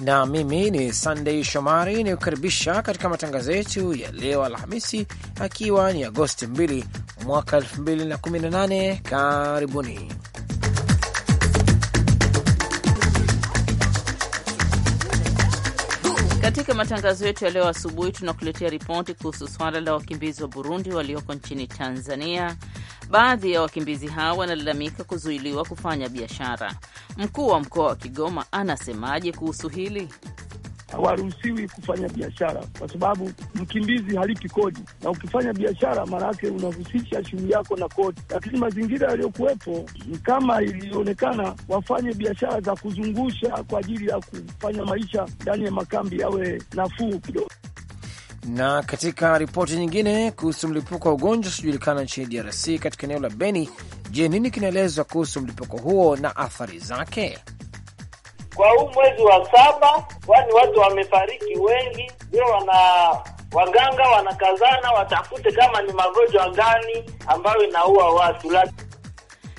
na mimi ni sandey Shomari inayokaribisha katika matangazo yetu ya leo Alhamisi, akiwa ni Agosti 2 mwaka 2018. Karibuni katika matangazo yetu ya leo asubuhi. Tunakuletea ripoti kuhusu swala la wakimbizi wa Burundi walioko nchini Tanzania Baadhi ya wakimbizi hao wanalalamika kuzuiliwa kufanya biashara. Mkuu wa mkoa wa Kigoma anasemaje kuhusu hili? Hawaruhusiwi kufanya biashara kwa sababu mkimbizi halipi kodi, na ukifanya biashara maana yake unahusisha shughuli yako na kodi. Lakini mazingira yaliyokuwepo ni kama ilionekana wafanye biashara za kuzungusha kwa ajili ya kufanya maisha ndani ya makambi yawe nafuu kidogo. Na katika ripoti nyingine kuhusu mlipuko wa ugonjwa usiojulikana nchini DRC katika eneo la Beni, je, nini kinaelezwa kuhusu mlipuko huo na athari zake? Kwa huu mwezi wa saba, kwani watu wamefariki wengi, ndio wana waganga wanakazana watafute kama ni magonjwa gani ambayo inaua watu.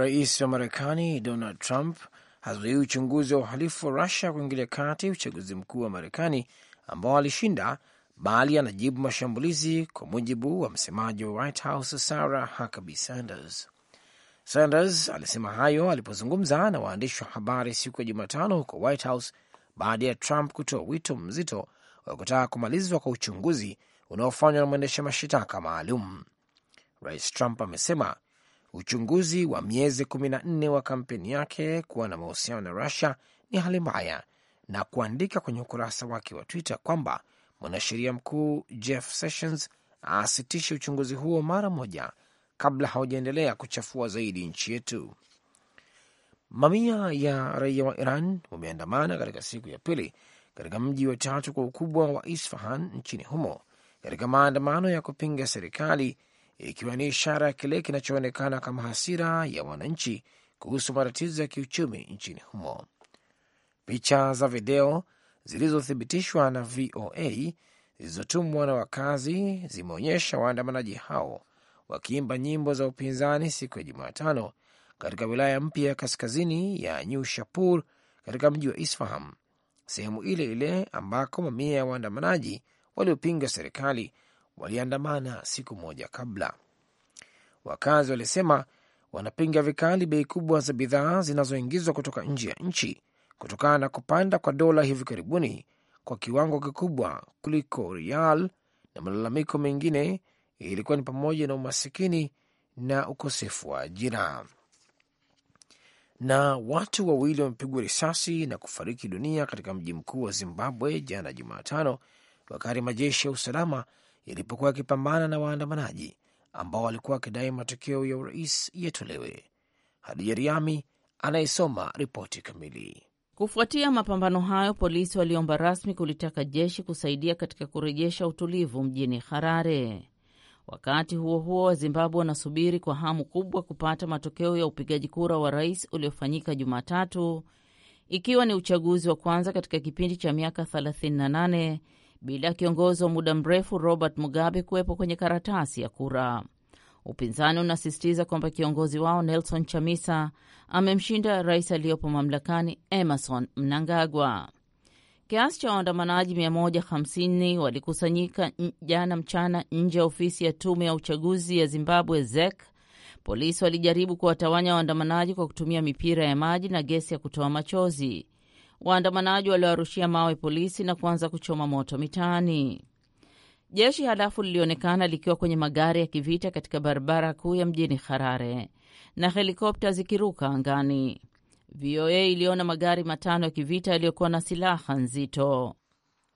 Rais wa Marekani Donald Trump hazuii uchunguzi wa uhalifu wa Rusia kuingilia kati uchaguzi mkuu wa Marekani ambao alishinda, bali anajibu mashambulizi, kwa mujibu wa msemaji wa White House Sarah Huckabee Sanders. Sanders alisema hayo alipozungumza na waandishi wa habari siku ya Jumatano huko White House baada ya Trump kutoa wito mzito wa kutaka kumalizwa kwa uchunguzi unaofanywa na mwendesha mashitaka maalum. Rais Trump amesema Uchunguzi wa miezi nne wa kampeni yake kuwa na mahusiano na Rusia ni hali mbaya, na kuandika kwenye ukurasa wake wa Twitter kwamba mwanasheria mkuu Jeff Sessions asitishe uchunguzi huo mara moja kabla haujaendelea kuchafua zaidi nchi yetu. Mamia ya raia wa Iran wameandamana katika siku ya pili katika mji wa tatu kwa ukubwa wa Isfahan nchini humo katika maandamano ya kupinga serikali ikiwa ni ishara ya kile kinachoonekana kama hasira ya wananchi kuhusu matatizo ya kiuchumi nchini humo. Picha za video zilizothibitishwa na VOA zilizotumwa na wakazi zimeonyesha waandamanaji hao wakiimba nyimbo za upinzani siku ya Jumatano katika wilaya mpya ya kaskazini ya New Shapur katika mji wa Isfahan, sehemu ile ile ambako mamia ya waandamanaji waliopinga serikali waliandamana siku moja kabla. Wakazi walisema wanapinga vikali bei kubwa za bidhaa zinazoingizwa kutoka nje ya nchi kutokana na kupanda kwa dola hivi karibuni kwa kiwango kikubwa kuliko rial, na malalamiko mengine ilikuwa ni pamoja na umasikini na ukosefu wa ajira. Na watu wawili wamepigwa risasi na kufariki dunia katika mji mkuu wa Zimbabwe jana Jumatano, wakati majeshi ya usalama ilipokuwa ikipambana na waandamanaji ambao walikuwa wakidai matokeo ya urais yatolewe. Hadija Riami anayesoma ripoti kamili. Kufuatia mapambano hayo, polisi waliomba rasmi kulitaka jeshi kusaidia katika kurejesha utulivu mjini Harare. Wakati huo huo, Wazimbabwe wanasubiri kwa hamu kubwa kupata matokeo ya upigaji kura wa rais uliofanyika Jumatatu, ikiwa ni uchaguzi wa kwanza katika kipindi cha miaka 38 bila kiongozi wa muda mrefu Robert Mugabe kuwepo kwenye karatasi ya kura. Upinzani unasisitiza kwamba kiongozi wao Nelson Chamisa amemshinda rais aliyopo mamlakani Emerson Mnangagwa. Kiasi cha waandamanaji 150 walikusanyika jana mchana nje ya ofisi ya tume ya uchaguzi ya Zimbabwe ZEC. Polisi walijaribu kuwatawanya waandamanaji kwa kutumia mipira ya maji na gesi ya kutoa machozi. Waandamanaji waliwarushia mawe polisi na kuanza kuchoma moto mitaani. Jeshi halafu lilionekana likiwa kwenye magari ya kivita katika barabara kuu ya mjini Harare na helikopta zikiruka angani. VOA iliona magari matano ya kivita yaliyokuwa na silaha nzito.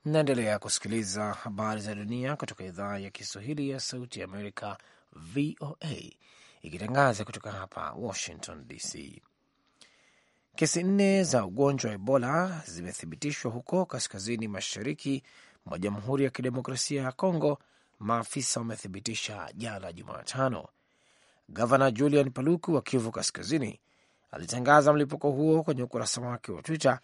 Naendelea kusikiliza habari za dunia kutoka idhaa ya Kiswahili ya Sauti ya Amerika, VOA, ikitangaza kutoka hapa Washington DC. Kesi nne za ugonjwa wa Ebola zimethibitishwa huko kaskazini mashariki mwa Jamhuri ya Kidemokrasia ya Kongo, maafisa wamethibitisha jana Jumatano. Gavana Julian Paluku wa Kivu Kaskazini alitangaza mlipuko huo kwenye ukurasa wake wa Twitter,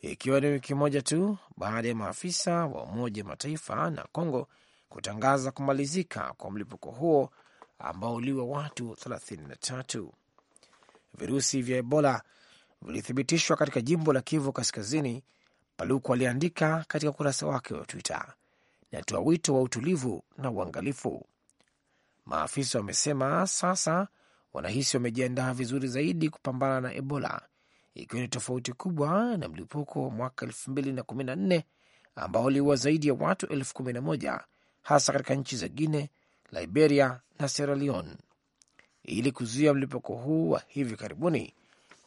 ikiwa ni wiki moja tu baada ya maafisa wa Umoja Mataifa na Kongo kutangaza kumalizika kwa mlipuko huo ambao uliwa watu 33. Virusi vya Ebola vilithibitishwa katika jimbo la Kivu Kaskazini, Paluku aliandika katika ukurasa wake wa Twitter. Natoa wito wa utulivu na uangalifu. Maafisa wamesema sasa wanahisi wamejiandaa vizuri zaidi kupambana na Ebola, ikiwa ni tofauti kubwa na mlipuko wa mwaka 2014 ambao uliua zaidi ya watu elfu kumi na moja hasa katika nchi za Guine, Liberia na Sierra Leone. Ili kuzuia mlipuko huu wa hivi karibuni,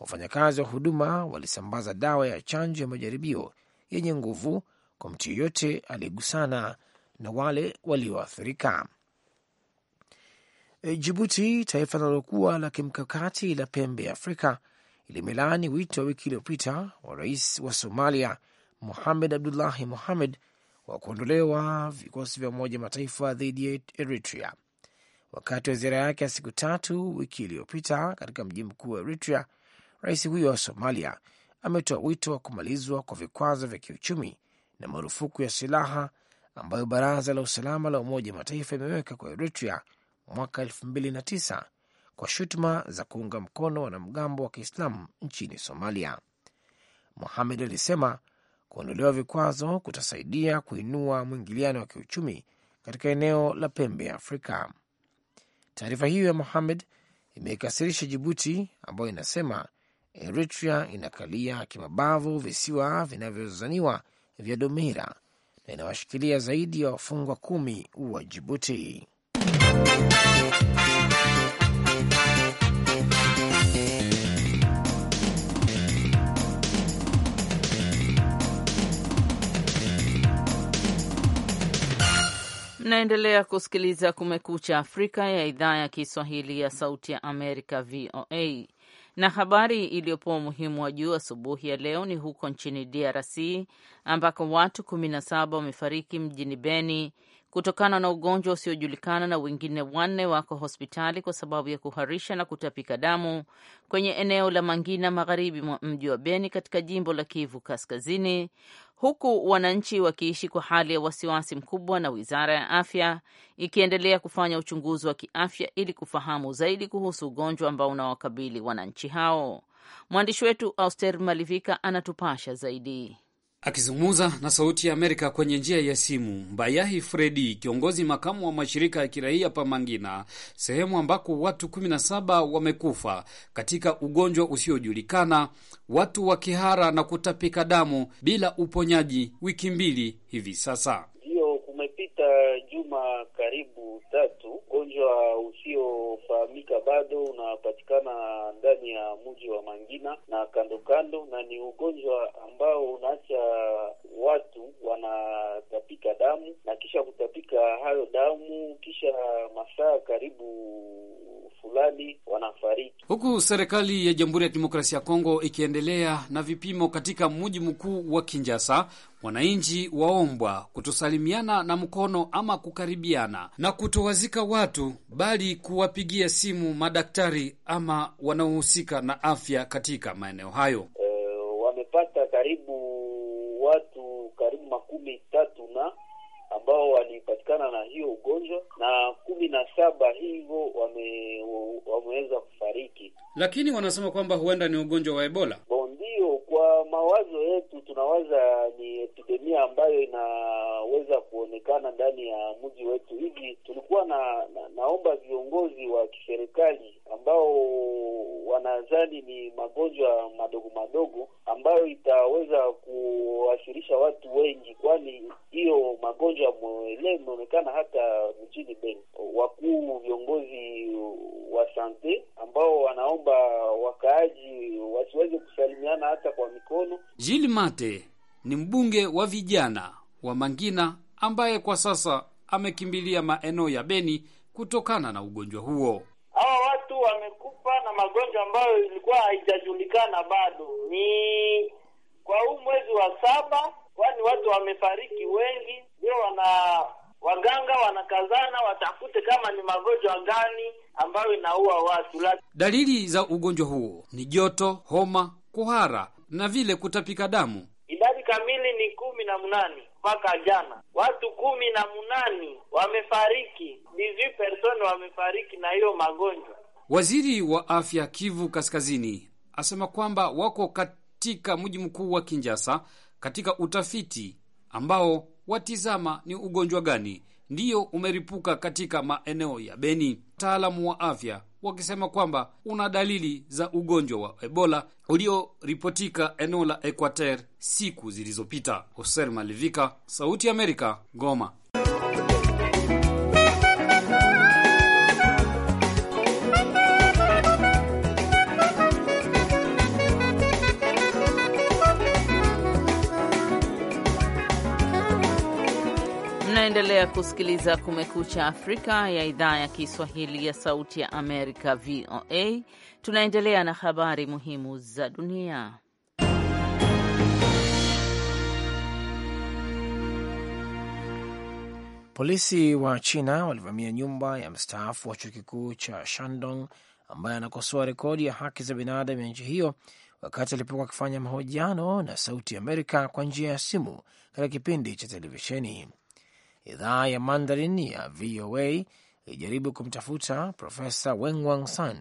Wafanyakazi wa huduma walisambaza dawa ya chanjo ya majaribio yenye nguvu kwa mtu yeyote aliyegusana na wale walioathirika. E, Jibuti, taifa linalokuwa la kimkakati la pembe ya Afrika, limelaani wito wa wiki iliyopita wa rais wa Somalia muhamed Abdullahi muhamed wa kuondolewa vikosi vya Umoja Mataifa dhidi ya Eritrea. Wakati wa ziara yake ya siku tatu wiki iliyopita katika mji mkuu wa Eritrea, rais huyo wa Somalia ametoa wito wa kumalizwa kwa vikwazo vya kiuchumi na marufuku ya silaha ambayo Baraza la Usalama la Umoja wa Mataifa imeweka kwa Eritrea mwaka elfu kwa shutuma za kuunga mkono wanamgambo wa Kiislamu nchini Somalia. Mohamed alisema kuondolewa vikwazo kutasaidia kuinua mwingiliano wa kiuchumi katika eneo la pembe ya Afrika. Taarifa hiyo ya Mohamed imeikasirisha Jibuti ambayo inasema Eritrea inakalia kimabavu visiwa vinavyozaniwa vya Dumira na inawashikilia zaidi ya wafungwa kumi wa Jibuti. Mnaendelea kusikiliza Kumekucha Afrika ya idhaa ya Kiswahili ya Sauti ya Amerika, VOA. Na habari iliyopewa umuhimu wa juu asubuhi ya leo ni huko nchini DRC ambako watu 17 wamefariki mjini Beni kutokana na ugonjwa usiojulikana na wengine wanne wako hospitali kwa sababu ya kuharisha na kutapika damu kwenye eneo la Mangina magharibi mwa mji wa Beni katika jimbo la Kivu Kaskazini, huku wananchi wakiishi kwa hali ya wasiwasi mkubwa, na wizara ya afya ikiendelea kufanya uchunguzi wa kiafya ili kufahamu zaidi kuhusu ugonjwa ambao unawakabili wananchi hao. Mwandishi wetu Auster Malivika anatupasha zaidi. Akizungumza na Sauti ya Amerika kwenye njia ya simu, Mbayahi Fredi, kiongozi makamu wa mashirika ya kiraia Pamangina, sehemu ambako watu 17 wamekufa katika ugonjwa usiojulikana, watu wa kihara na kutapika damu bila uponyaji, wiki mbili hivi sasa. Ndio kumepita juma karibu tatu. Ugonjwa usiofahamika bado unapatikana ndani ya mji wa Mangina na kando kando, na ni ugonjwa ambao unaacha watu wanatapika damu, na kisha kutapika hayo damu, kisha masaa karibu fulani wanafariki. Huku serikali ya Jamhuri ya Kidemokrasia ya Kongo ikiendelea na vipimo katika mji mkuu wa kinjasa wananchi waombwa kutosalimiana na mkono ama kukaribiana sana na kutowazika watu, bali kuwapigia simu madaktari ama wanaohusika na afya katika maeneo hayo. E, wamepata karibu watu karibu makumi tatu na ambao walipatikana na hiyo ugonjwa na kumi na saba hivyo wame, wameweza kufariki, lakini wanasema kwamba huenda ni ugonjwa wa Ebola bon hiyo kwa mawazo yetu tunawaza ni epidemia ambayo inaweza kuonekana ndani ya mji wetu. Hivi tulikuwa na, na naomba viongozi wa kiserikali ambao wanazani ni magonjwa madogo madogo ambayo itaweza kuwasirisha watu wengi, kwani hiyo magonjwa mwele imeonekana hata mjini Beni. Wakuu viongozi wa sante ambao wanaomba wakaaji wasiweze kusalimia kushindana hata kwa mikono. Jil Mate ni mbunge wa vijana wa Mangina ambaye kwa sasa amekimbilia maeneo ya Beni kutokana na ugonjwa huo. Hawa watu wamekufa na magonjwa ambayo ilikuwa haijajulikana bado. Ni kwa huu mwezi wa saba, kwani watu wamefariki wengi, ndio wana waganga wanakazana watafute kama ni magonjwa gani ambayo inaua watu. Dalili za ugonjwa huo ni joto, homa, kuhara na vile kutapika damu. Idadi kamili ni kumi na mnane mpaka jana, watu kumi na mnane wamefariki, person wamefariki na hiyo magonjwa. Waziri wa afya Kivu Kaskazini asema kwamba wako katika mji mkuu wa kinjasa katika utafiti ambao watizama ni ugonjwa gani ndiyo umeripuka katika maeneo ya Beni. Wataalamu wa afya wakisema kwamba una dalili za ugonjwa wa Ebola ulioripotika eneo la Equateur siku zilizopita. Hoser Malivika, Sauti ya Amerika, Goma. Unaendelea kusikiliza Kumekucha Afrika ya idhaa ya Kiswahili ya Sauti ya Amerika, VOA. Tunaendelea na habari muhimu za dunia. Polisi wa China walivamia nyumba ya mstaafu wa chuo kikuu cha Shandong ambaye anakosoa rekodi ya haki za binadamu ya nchi hiyo wakati alipokuwa akifanya mahojiano na Sauti Amerika kwa njia ya simu katika kipindi cha televisheni idhaa ya Mandarin ya VOA ilijaribu kumtafuta Profesa Wengwang San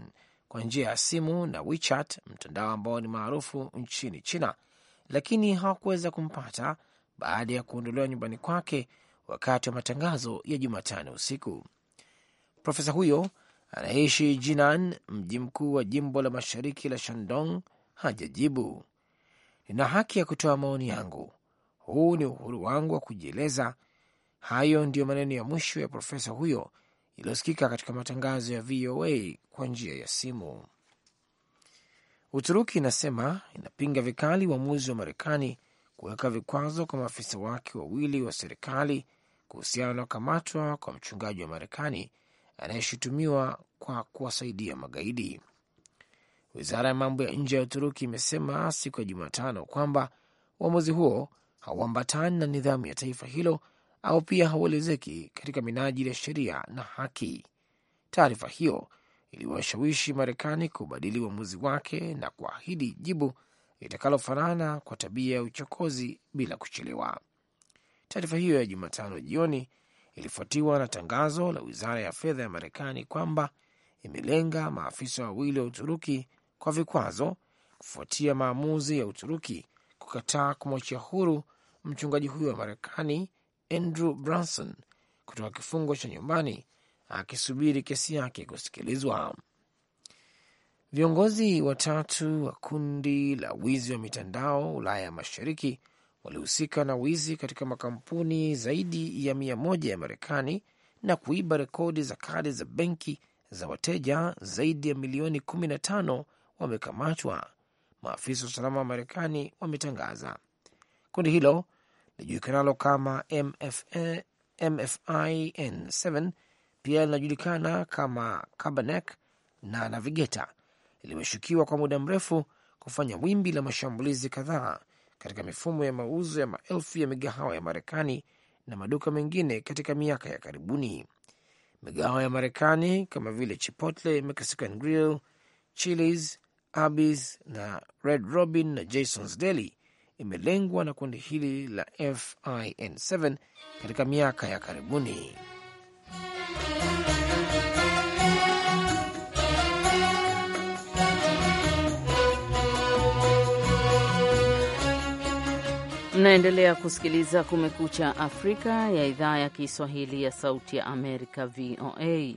kwa njia ya simu na WeChat, mtandao ambao ni maarufu nchini China, lakini hawakuweza kumpata baada ya kuondolewa nyumbani kwake wakati wa matangazo ya Jumatano usiku. Profesa huyo anaishi Jinan, mji mkuu wa jimbo la mashariki la Shandong. Hajajibu. Nina haki ya kutoa maoni yangu, huu ni uhuru wangu wa kujieleza Hayo ndiyo maneno ya mwisho ya profesa huyo iliyosikika katika matangazo ya VOA kwa njia ya simu. Uturuki inasema inapinga vikali uamuzi wa Marekani kuweka vikwazo kwa maafisa wake wawili wa serikali kuhusiana na kukamatwa kwa mchungaji wa Marekani anayeshutumiwa kwa kuwasaidia magaidi. Wizara ya mambo ya nje ya Uturuki imesema siku ya Jumatano kwamba uamuzi huo hauambatani na nidhamu ya taifa hilo au pia hauelezeki katika minajili ya sheria na haki. Taarifa hiyo iliwashawishi Marekani kubadili uamuzi wake na kuahidi jibu litakalofanana kwa tabia ya uchokozi bila kuchelewa. Taarifa hiyo ya Jumatano jioni ilifuatiwa na tangazo la wizara ya fedha ya Marekani kwamba imelenga maafisa wawili wa Uturuki kwa vikwazo kufuatia maamuzi ya Uturuki kukataa kumwachia huru mchungaji huyo wa Marekani Andrew Branson kutoka kifungo cha nyumbani akisubiri kesi yake kusikilizwa. Viongozi watatu wa kundi la wizi wa mitandao Ulaya ya Mashariki walihusika na wizi katika makampuni zaidi ya mia moja ya Marekani na kuiba rekodi za kadi za benki za wateja zaidi ya milioni tano wamekamatwa, maafisa wa usalama wa Marekani wametangaza. Kundi hilo lijulikanalo kama MFIN7 pia linajulikana kama cabanec na Navigeta limeshukiwa kwa muda mrefu kufanya wimbi la mashambulizi kadhaa katika mifumo ya mauzo ya maelfu ya migahawa ya Marekani na maduka mengine katika miaka ya karibuni. Migahawa ya Marekani kama vile Chipotle, Mexican Grill, Chili's, Arby's na Red Robin na Jason's Deli imelengwa na kundi hili la FIN7 katika miaka ya karibuni. Mnaendelea kusikiliza Kumekucha Afrika ya idhaa ya Kiswahili ya Sauti ya Amerika, VOA.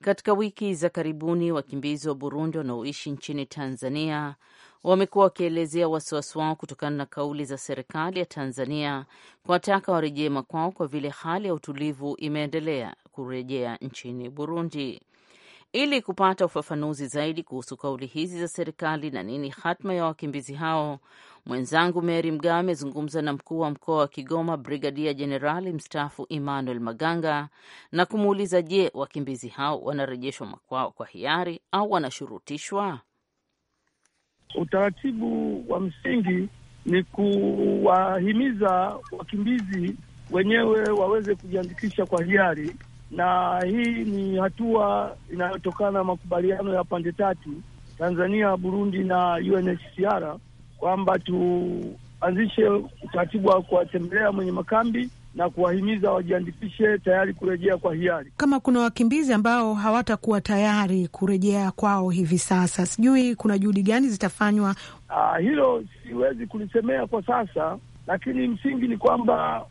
Katika wiki za karibuni, wakimbizi wa Burundi wanaoishi nchini Tanzania wamekuwa wakielezea wasiwasi wao kutokana na kauli za serikali ya Tanzania kuwataka warejee makwao kwa vile hali ya utulivu imeendelea kurejea nchini Burundi. Ili kupata ufafanuzi zaidi kuhusu kauli hizi za serikali na nini hatma ya wakimbizi hao, mwenzangu Mary Mgawe amezungumza na mkuu wa mkoa wa Kigoma, Brigadia Jenerali mstaafu Emmanuel Maganga, na kumuuliza je, wakimbizi hao wanarejeshwa makwao kwa hiari au wanashurutishwa? Utaratibu wa msingi ni kuwahimiza wakimbizi wenyewe waweze kujiandikisha kwa hiari, na hii ni hatua inayotokana na makubaliano ya pande tatu, Tanzania, Burundi na UNHCR, kwamba tuanzishe utaratibu wa kuwatembelea mwenye makambi na kuwahimiza wajiandikishe tayari kurejea kwa hiari. Kama kuna wakimbizi ambao hawatakuwa tayari kurejea kwao hivi sasa, sijui kuna juhudi gani zitafanywa? Aa, ah, hilo siwezi kulisemea kwa sasa, lakini msingi ni kwamba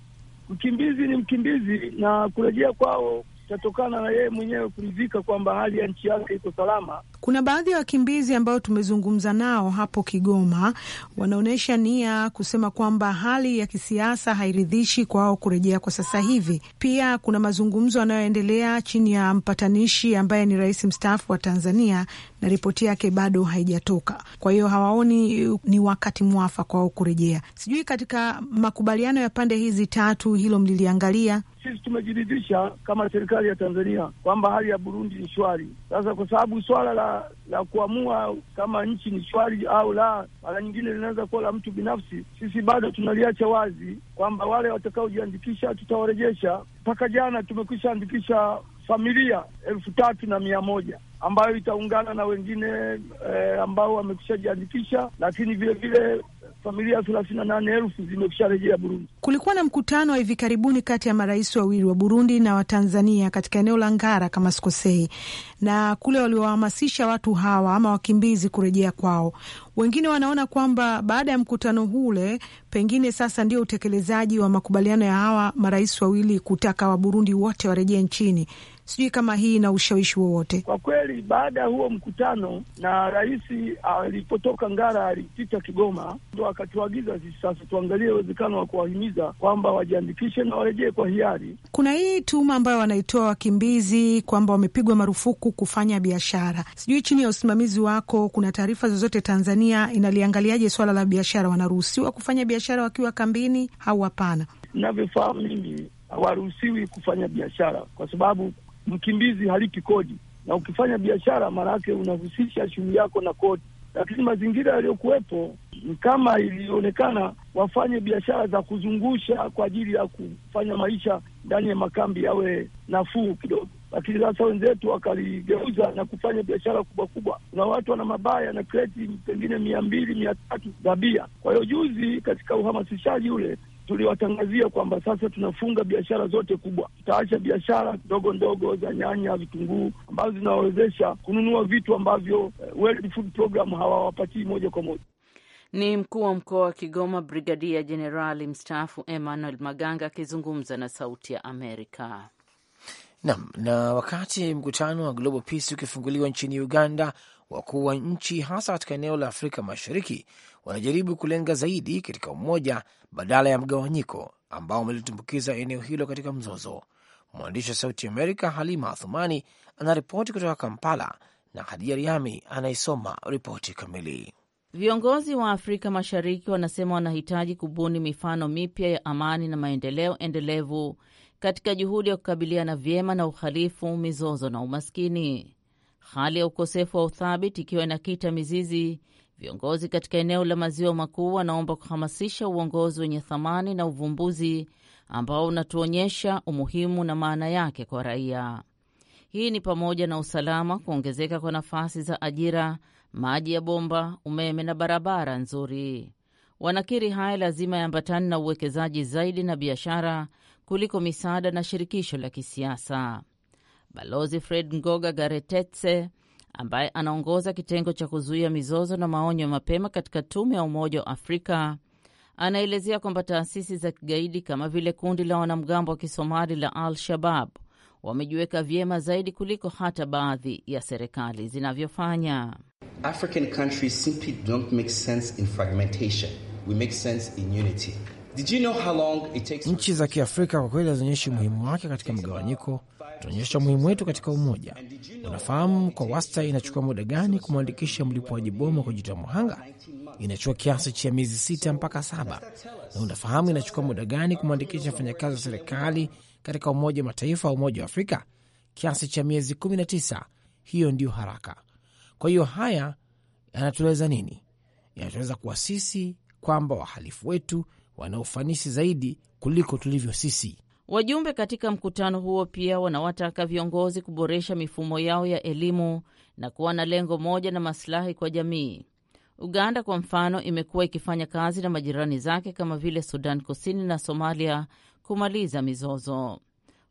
mkimbizi ni mkimbizi na kurejea kwao itatokana na yeye mwenyewe kuridhika kwamba hali ya nchi yake iko salama kuna baadhi ya wa wakimbizi ambao tumezungumza nao hapo Kigoma, wanaonyesha nia kusema kwamba hali ya kisiasa hairidhishi kwao kurejea kwa sasa hivi. Pia kuna mazungumzo yanayoendelea chini ya mpatanishi ambaye ni rais mstaafu wa Tanzania, na ripoti yake bado haijatoka. Kwa hiyo hawaoni ni wakati mwafaka wao kurejea. Sijui katika makubaliano ya pande hizi tatu hilo mliliangalia? Sisi tumejiridhisha kama serikali ya Tanzania kwamba hali ya Burundi ni shwari. Sasa kwa sababu swala la la kuamua kama nchi ni shwari au la, mara nyingine linaweza kuwa la mtu binafsi. Sisi bado tunaliacha wazi kwamba wale watakaojiandikisha tutawarejesha. Mpaka jana tumekwisha andikisha familia elfu tatu na mia moja ambayo itaungana na wengine e, ambao wamekwisha jiandikisha, lakini vilevile familia thelathini na nane elfu zimekusha rejea Burundi. Kulikuwa na mkutano wa hivi karibuni kati ya marais wawili wa Burundi na wa Tanzania katika eneo la Ngara kama sikosei, na kule waliowahamasisha watu hawa ama wakimbizi kurejea kwao. Wengine wanaona kwamba baada ya mkutano ule, pengine sasa ndio utekelezaji wa makubaliano ya hawa marais wawili kutaka Waburundi wote warejee nchini Sijui kama hii na ushawishi wowote kwa kweli. Baada ya huo mkutano na rais ah, alipotoka Ngara, alipita Kigoma, ndo akatuagiza sisi sasa tuangalie uwezekano wa kuwahimiza kwamba wajiandikishe na warejee kwa hiari. Kuna hii tuma ambayo wanaitoa wakimbizi kwamba wamepigwa marufuku kufanya biashara. Sijui chini ya usimamizi wako kuna taarifa zozote, Tanzania inaliangaliaje swala la biashara? Wanaruhusiwa kufanya biashara wakiwa kambini au hapana? Navyofahamu mimi hawaruhusiwi kufanya biashara kwa sababu mkimbizi halipi kodi, na ukifanya biashara mara yake unahusisha shughuli yako na kodi. Lakini mazingira yaliyokuwepo ni kama ilionekana wafanye biashara za kuzungusha kwa ajili ya kufanya maisha ndani ya makambi yawe nafuu kidogo, lakini sasa wenzetu wakaligeuza na kufanya biashara kubwa kubwa. Kuna watu wana mabaya na kreti pengine mia mbili mia tatu za bia. Kwa hiyo juzi katika uhamasishaji ule tuliwatangazia kwamba sasa tunafunga biashara zote kubwa, tutaacha biashara ndogo ndogo za nyanya, vitunguu ambazo zinawawezesha kununua vitu ambavyo eh, World Food Program hawawapatii moja kwa moja. Ni mkuu wa mkoa wa Kigoma, Brigadia Jenerali mstaafu Emmanuel Maganga akizungumza na Sauti ya Amerika. Naam, na wakati mkutano wa Global Peace ukifunguliwa nchini Uganda wakuu wa nchi hasa katika eneo la Afrika Mashariki wanajaribu kulenga zaidi katika umoja badala ya mgawanyiko ambao umelitumbukiza eneo hilo katika mzozo. Mwandishi wa Sauti Amerika Halima Athumani anaripoti kutoka Kampala na Hadia Riami anayesoma ripoti kamili. Viongozi wa Afrika Mashariki wanasema wanahitaji kubuni mifano mipya ya amani na maendeleo endelevu katika juhudi ya kukabiliana vyema na uhalifu, mizozo na umaskini hali ya ukosefu wa uthabiti ikiwa inakita mizizi. Viongozi katika eneo la maziwa makuu wanaomba kuhamasisha uongozi wenye thamani na uvumbuzi ambao unatuonyesha umuhimu na maana yake kwa raia. Hii ni pamoja na usalama, kuongezeka kwa nafasi za ajira, maji ya bomba, umeme na barabara nzuri. Wanakiri haya lazima yaambatane na uwekezaji zaidi na biashara kuliko misaada na shirikisho la kisiasa. Balozi Fred Ngoga Garetetse ambaye anaongoza kitengo cha kuzuia mizozo na maonyo mapema katika tume ya Umoja wa Afrika anaelezea kwamba taasisi za kigaidi kama vile kundi la wanamgambo wa Kisomali la Al-Shabab wamejiweka vyema zaidi kuliko hata baadhi ya serikali zinavyofanya. African countries simply don't make sense in fragmentation. We make sense in unity nchi za Kiafrika kwa kweli hazionyeshi umuhimu wake katika mgawanyiko, tunaonyesha umuhimu wetu katika umoja. Unafahamu, kwa wasta inachukua muda gani kumwandikisha mlipuaji bomu kujitoa muhanga? Inachukua kiasi cha miezi sita mpaka saba. Na unafahamu inachukua muda gani kumwandikisha mfanyakazi wa serikali katika Umoja wa Mataifa wa Umoja wa Afrika? Kiasi cha miezi kumi na tisa. Hiyo ndiyo haraka. Kwa hiyo haya yanatueleza nini? Yanatueleza kuwa sisi kwamba wahalifu wetu wana ufanisi zaidi kuliko tulivyo sisi. Wajumbe katika mkutano huo pia wanawataka viongozi kuboresha mifumo yao ya elimu na kuwa na lengo moja na masilahi kwa jamii. Uganda kwa mfano, imekuwa ikifanya kazi na majirani zake kama vile Sudan Kusini na Somalia kumaliza mizozo.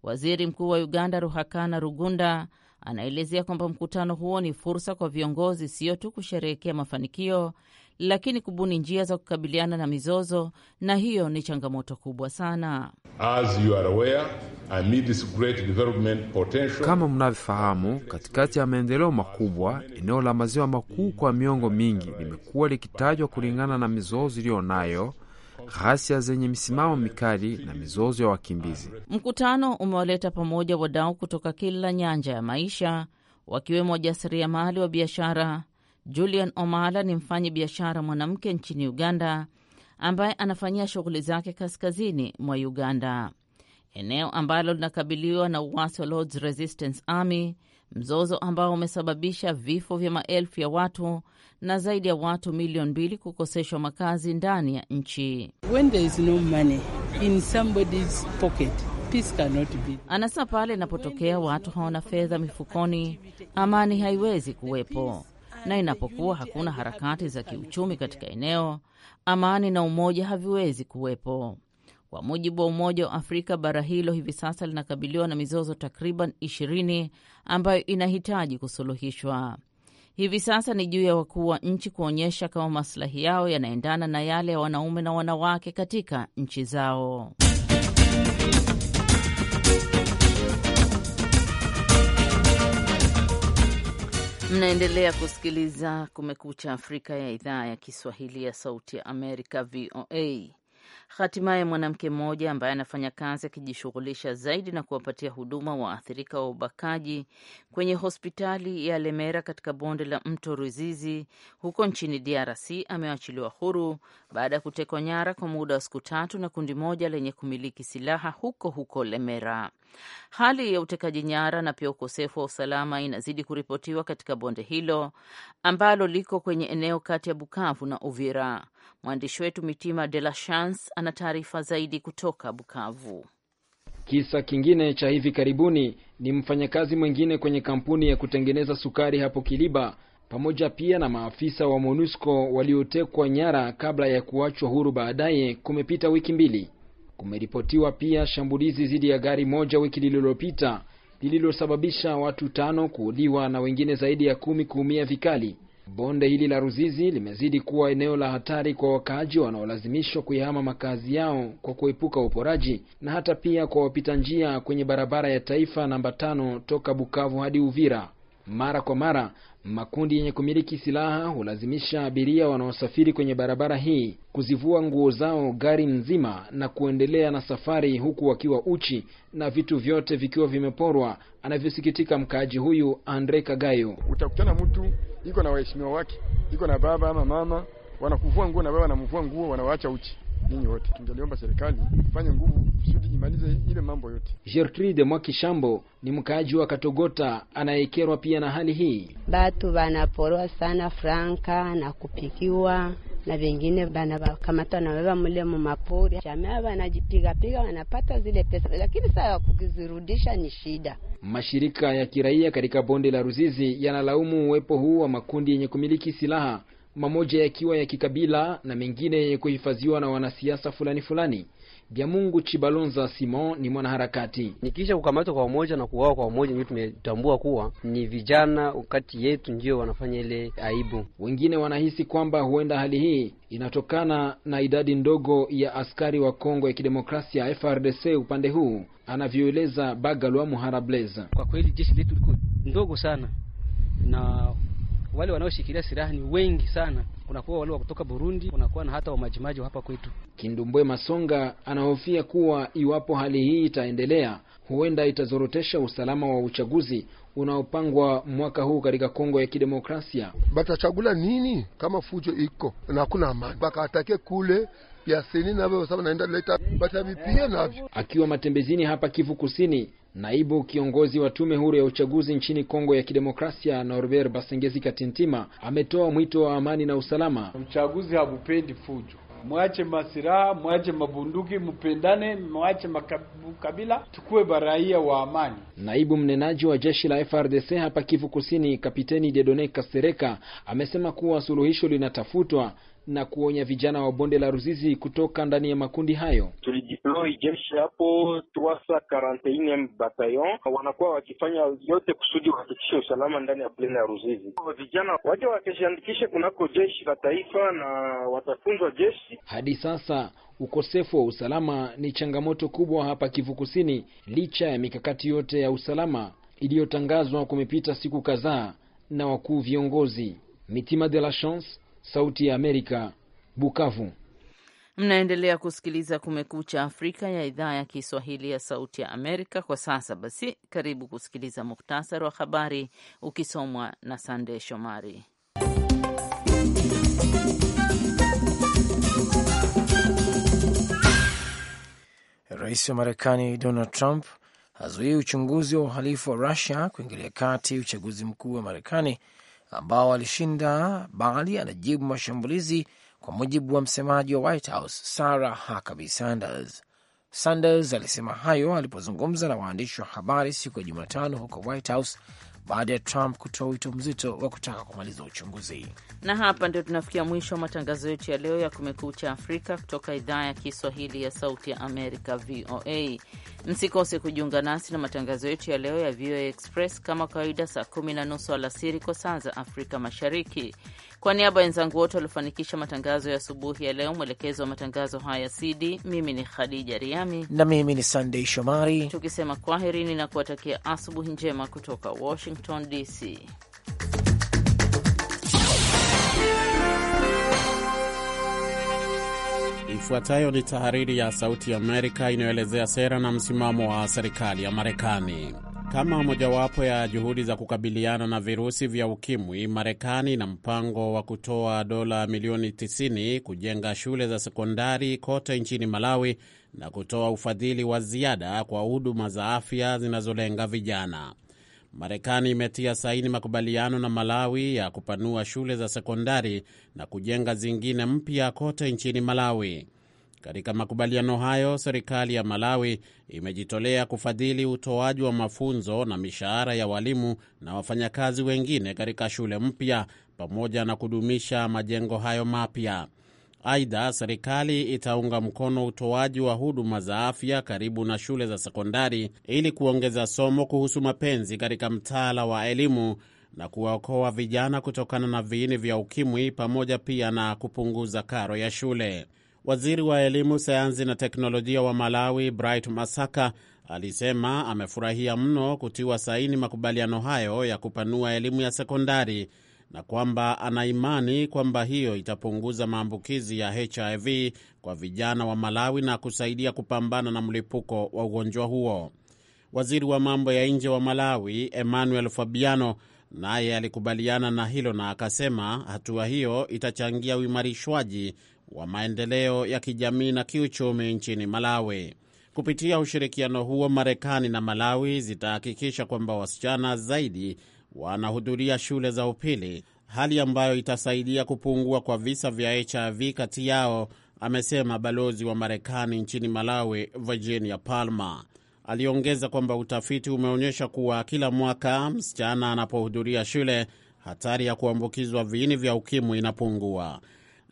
Waziri Mkuu wa Uganda Ruhakana Rugunda anaelezea kwamba mkutano huo ni fursa kwa viongozi sio tu kusherehekea mafanikio lakini kubuni njia za kukabiliana na mizozo, na hiyo ni changamoto kubwa sana. As you are aware, amid this great development potential... Kama mnavyofahamu, katikati ya maendeleo makubwa, eneo la maziwa makuu kwa miongo mingi limekuwa likitajwa kulingana na mizozo iliyo nayo ghasia zenye misimamo mikali na mizozo ya wakimbizi. Mkutano umewaleta pamoja wadau kutoka kila nyanja ya maisha, wakiwemo wajasiriamali wa biashara, Julian Omala ni mfanyi biashara mwanamke nchini Uganda ambaye anafanyia shughuli zake kaskazini mwa Uganda, eneo ambalo linakabiliwa na uwasi wa Lords Resistance Army, mzozo ambao umesababisha vifo vya maelfu ya watu na zaidi ya watu milioni mbili kukoseshwa makazi ndani ya nchi. Anasema pale inapotokea watu hawana fedha mifukoni, amani haiwezi kuwepo na inapokuwa hakuna harakati za kiuchumi katika eneo, amani na umoja haviwezi kuwepo. Kwa mujibu wa Umoja wa Afrika, bara hilo hivi sasa linakabiliwa na mizozo takriban ishirini ambayo inahitaji kusuluhishwa. Hivi sasa ni juu ya wakuu wa nchi kuonyesha kama maslahi yao yanaendana na yale ya wanaume na wanawake katika nchi zao. Mnaendelea kusikiliza Kumekucha Afrika ya idhaa ya Kiswahili ya Sauti ya Amerika, VOA. Hatimaye mwanamke mmoja ambaye anafanya kazi akijishughulisha zaidi na kuwapatia huduma waathirika wa ubakaji kwenye hospitali ya Lemera katika bonde la mto Ruzizi huko nchini DRC amewachiliwa huru baada ya kutekwa nyara kwa muda wa siku tatu na kundi moja lenye kumiliki silaha huko huko Lemera. Hali ya utekaji nyara na pia ukosefu wa usalama inazidi kuripotiwa katika bonde hilo ambalo liko kwenye eneo kati ya Bukavu na Uvira. Mwandishi wetu Mitima De La Chance ana taarifa zaidi kutoka Bukavu. Kisa kingine cha hivi karibuni ni mfanyakazi mwingine kwenye kampuni ya kutengeneza sukari hapo Kiliba, pamoja pia na maafisa wa MONUSCO waliotekwa nyara kabla ya kuachwa huru baadaye. Kumepita wiki mbili. Kumeripotiwa pia shambulizi dhidi ya gari moja wiki lililopita lililosababisha watu tano kuuliwa na wengine zaidi ya kumi kuumia vikali. Bonde hili la Ruzizi limezidi kuwa eneo la hatari kwa wakaaji wanaolazimishwa kuyahama makazi yao kwa kuepuka uporaji na hata pia kwa wapita njia kwenye barabara ya taifa namba tano toka Bukavu hadi Uvira. Mara kwa mara makundi yenye kumiliki silaha hulazimisha abiria wanaosafiri kwenye barabara hii kuzivua nguo zao gari nzima na kuendelea na safari huku wakiwa uchi na vitu vyote vikiwa vimeporwa, anavyosikitika mkaaji huyu Andre Kagayo. Utakutana mtu iko na waheshimiwa wake, iko na baba ama mama, wanakuvua nguo na baba wanamvua nguo, wanawaacha uchi ninyi wote tungeliomba serikali ifanye nguvu kusudi imalize ile mambo yote. Gertrude Mwakishambo ni mkaaji wa Katogota anayekerwa pia na hali hii. Batu banaporwa sana franka na kupikiwa na vengine bana bakamatwa na weba mule mu mapori, jamaa wanajipiga piga, wanapata zile pesa, lakini sasa kukizirudisha ni shida. Mashirika ya kiraia katika bonde la Ruzizi yanalaumu uwepo huu wa makundi yenye kumiliki silaha mamoja yakiwa ya kikabila na mengine yenye kuhifadhiwa na wanasiasa fulani fulani. Byamungu Chibalonza Simon ni mwanaharakati. Nikisha kukamatwa kwa umoja na kuuawa kwa umoja, ndio tumetambua kuwa ni vijana kati yetu ndio wanafanya ile aibu. Wengine wanahisi kwamba huenda hali hii inatokana na idadi ndogo ya askari wa Kongo ya Kidemokrasia FRDC upande huu, anavyoeleza Bagalwa Muharablaza. Kwa kweli jeshi letu liko ndogo sana na wale wanaoshikilia silaha ni wengi sana. Kunakuwa wale wa kutoka Burundi, kunakuwa na hata wamajimaji hapa kwetu. Kindumbwe Masonga anahofia kuwa iwapo hali hii itaendelea, huenda itazorotesha usalama wa uchaguzi unaopangwa mwaka huu katika Kongo ya Kidemokrasia. Batachagula nini kama fujo iko na hakuna amani? Bakatake kule vya sini navyo sababu naenda leta bata vipia navyo. Akiwa matembezini hapa Kivu Kusini, naibu kiongozi wa tume huru ya uchaguzi nchini Kongo ya Kidemokrasia Norbert Basengezi Katintima ametoa mwito wa amani na usalama. Uchaguzi habupendi fujo, mwache masiraha, mwache mabunduki, mpendane, mwache makabila, tukuwe baraia wa amani. Naibu mnenaji wa jeshi la FRDC hapa Kivu Kusini, Kapiteni Dedone Kasereka amesema kuwa suluhisho linatafutwa na kuonya vijana wa bonde la Ruzizi kutoka ndani ya makundi hayo. tulidiploi jeshi hapo 341 bataillon, wanakuwa wakifanya yote kusudi wahakikishe usalama ndani ya bonde ya Ruzizi. Vijana waje wakishandikishe kunako jeshi la taifa na watafunzwa jeshi. Hadi sasa ukosefu wa usalama ni changamoto kubwa hapa Kivu Kusini, licha ya mikakati yote ya usalama iliyotangazwa kumepita siku kadhaa na wakuu viongozi. Mitima de la Chance, Sauti ya Amerika, Bukavu. Mnaendelea kusikiliza Kumekucha Afrika ya idhaa ya Kiswahili ya Sauti ya Amerika. Kwa sasa basi, karibu kusikiliza muhtasari wa habari ukisomwa na Sandey Shomari. Rais wa Marekani Donald Trump hazuii uchunguzi wa uhalifu wa Rusia kuingilia kati uchaguzi mkuu wa Marekani ambao walishinda, bali anajibu mashambulizi, kwa mujibu wa msemaji wa White House Sarah Huckabee Sanders. Sanders alisema hayo alipozungumza na waandishi wa habari siku ya Jumatano huko White House baada ya Trump kutoa wito mzito wa kutaka kumaliza uchunguzi. Na hapa ndio tunafikia mwisho wa matangazo yetu ya leo ya Kumekucha Afrika kutoka idhaa ya Kiswahili ya Sauti ya Amerika, VOA. Msikose kujiunga nasi na matangazo yetu ya leo ya VOA Express kama kawaida, saa kumi na nusu alasiri kwa saa za Afrika Mashariki. Kwa niaba ya wenzangu wote waliofanikisha matangazo ya asubuhi ya leo, mwelekezi wa matangazo haya Sidi, mimi ni Khadija Riami na mimi ni Sandei Shomari, tukisema kwaherini na kuwatakia asubuhi njema kutoka Washington DC. Ifuatayo ni tahariri ya Sauti ya Amerika inayoelezea sera na msimamo wa serikali ya Marekani. Kama mojawapo ya juhudi za kukabiliana na virusi vya ukimwi, Marekani ina mpango wa kutoa dola milioni 90 kujenga shule za sekondari kote nchini Malawi na kutoa ufadhili wa ziada kwa huduma za afya zinazolenga vijana. Marekani imetia saini makubaliano na Malawi ya kupanua shule za sekondari na kujenga zingine mpya kote nchini Malawi. Katika makubaliano hayo, serikali ya Malawi imejitolea kufadhili utoaji wa mafunzo na mishahara ya walimu na wafanyakazi wengine katika shule mpya pamoja na kudumisha majengo hayo mapya. Aidha, serikali itaunga mkono utoaji wa huduma za afya karibu na shule za sekondari ili kuongeza somo kuhusu mapenzi katika mtaala wa elimu na kuwaokoa vijana kutokana na viini vya ukimwi pamoja pia na kupunguza karo ya shule. Waziri wa elimu, sayansi na teknolojia wa Malawi, Bright Masaka, alisema amefurahia mno kutiwa saini makubaliano hayo ya kupanua elimu ya sekondari na kwamba ana imani kwamba hiyo itapunguza maambukizi ya HIV kwa vijana wa Malawi na kusaidia kupambana na mlipuko wa ugonjwa huo. Waziri wa mambo ya nje wa Malawi, Emmanuel Fabiano, naye alikubaliana na hilo na akasema hatua hiyo itachangia uimarishwaji wa maendeleo ya kijamii na kiuchumi nchini Malawi. Kupitia ushirikiano huo, Marekani na Malawi zitahakikisha kwamba wasichana zaidi wanahudhuria shule za upili, hali ambayo itasaidia kupungua kwa visa vya HIV kati yao, amesema balozi wa Marekani nchini Malawi, Virginia Palmer. Aliongeza kwamba utafiti umeonyesha kuwa kila mwaka msichana anapohudhuria shule hatari ya kuambukizwa viini vya ukimwi inapungua.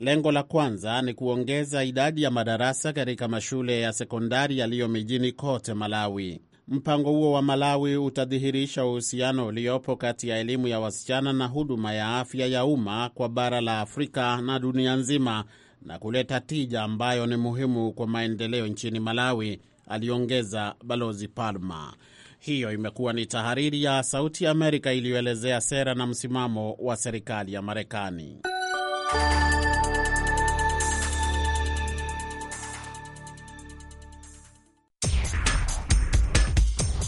Lengo la kwanza ni kuongeza idadi ya madarasa katika mashule ya sekondari yaliyo mijini kote Malawi. Mpango huo wa Malawi utadhihirisha uhusiano uliopo kati ya elimu ya wasichana na huduma ya afya ya umma kwa bara la Afrika na dunia nzima na kuleta tija ambayo ni muhimu kwa maendeleo nchini Malawi, aliongeza Balozi Palma. Hiyo imekuwa ni tahariri ya Sauti ya Amerika iliyoelezea sera na msimamo wa serikali ya Marekani.